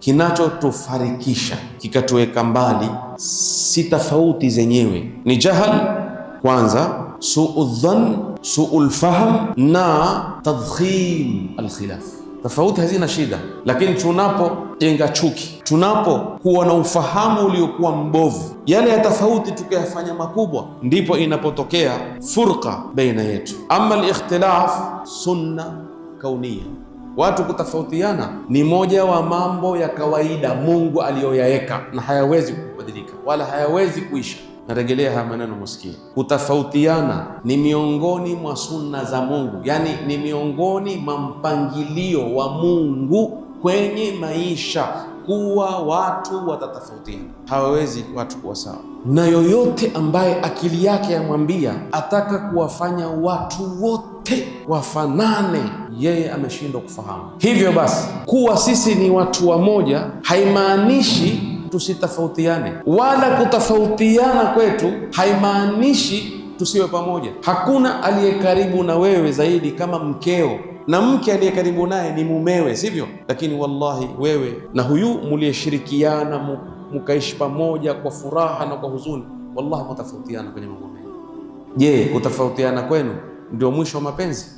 kinachotufarikisha kikatuweka mbali si tofauti zenyewe, ni jahal kwanza, suu dhann, suu lfahm na tadkhim alkhilaf. Tofauti hazina shida, lakini tunapojenga chuki, tunapokuwa na ufahamu uliokuwa mbovu, yale ya tofauti tukayafanya makubwa, ndipo inapotokea furqa baina yetu. Ama likhtilaf sunna kaunia Watu kutofautiana ni moja wa mambo ya kawaida Mungu aliyoyaweka na hayawezi kubadilika wala hayawezi kuisha. Narejelea haya maneno musikie. Kutofautiana ni miongoni mwa sunna za Mungu, yaani ni miongoni mwa mpangilio wa Mungu kwenye maisha kuwa watu watatofautiana, hawawezi watu kuwa sawa. Na yoyote ambaye akili yake yamwambia ataka kuwafanya watu wote wafanane, yeye ameshindwa kufahamu. Hivyo basi, kuwa sisi ni watu wamoja haimaanishi tusitofautiane, wala kutofautiana kwetu haimaanishi tusiwe pamoja. Hakuna aliye karibu na wewe zaidi kama mkeo na mke aliye karibu naye ni mumewe, sivyo? Lakini wallahi wewe na huyu muliyeshirikiana mukaishi pamoja kwa furaha na kwa huzuni, wallahi mtafautiana kwenye mambo mengi. Je, kutafautiana kwenu ndio mwisho wa mapenzi?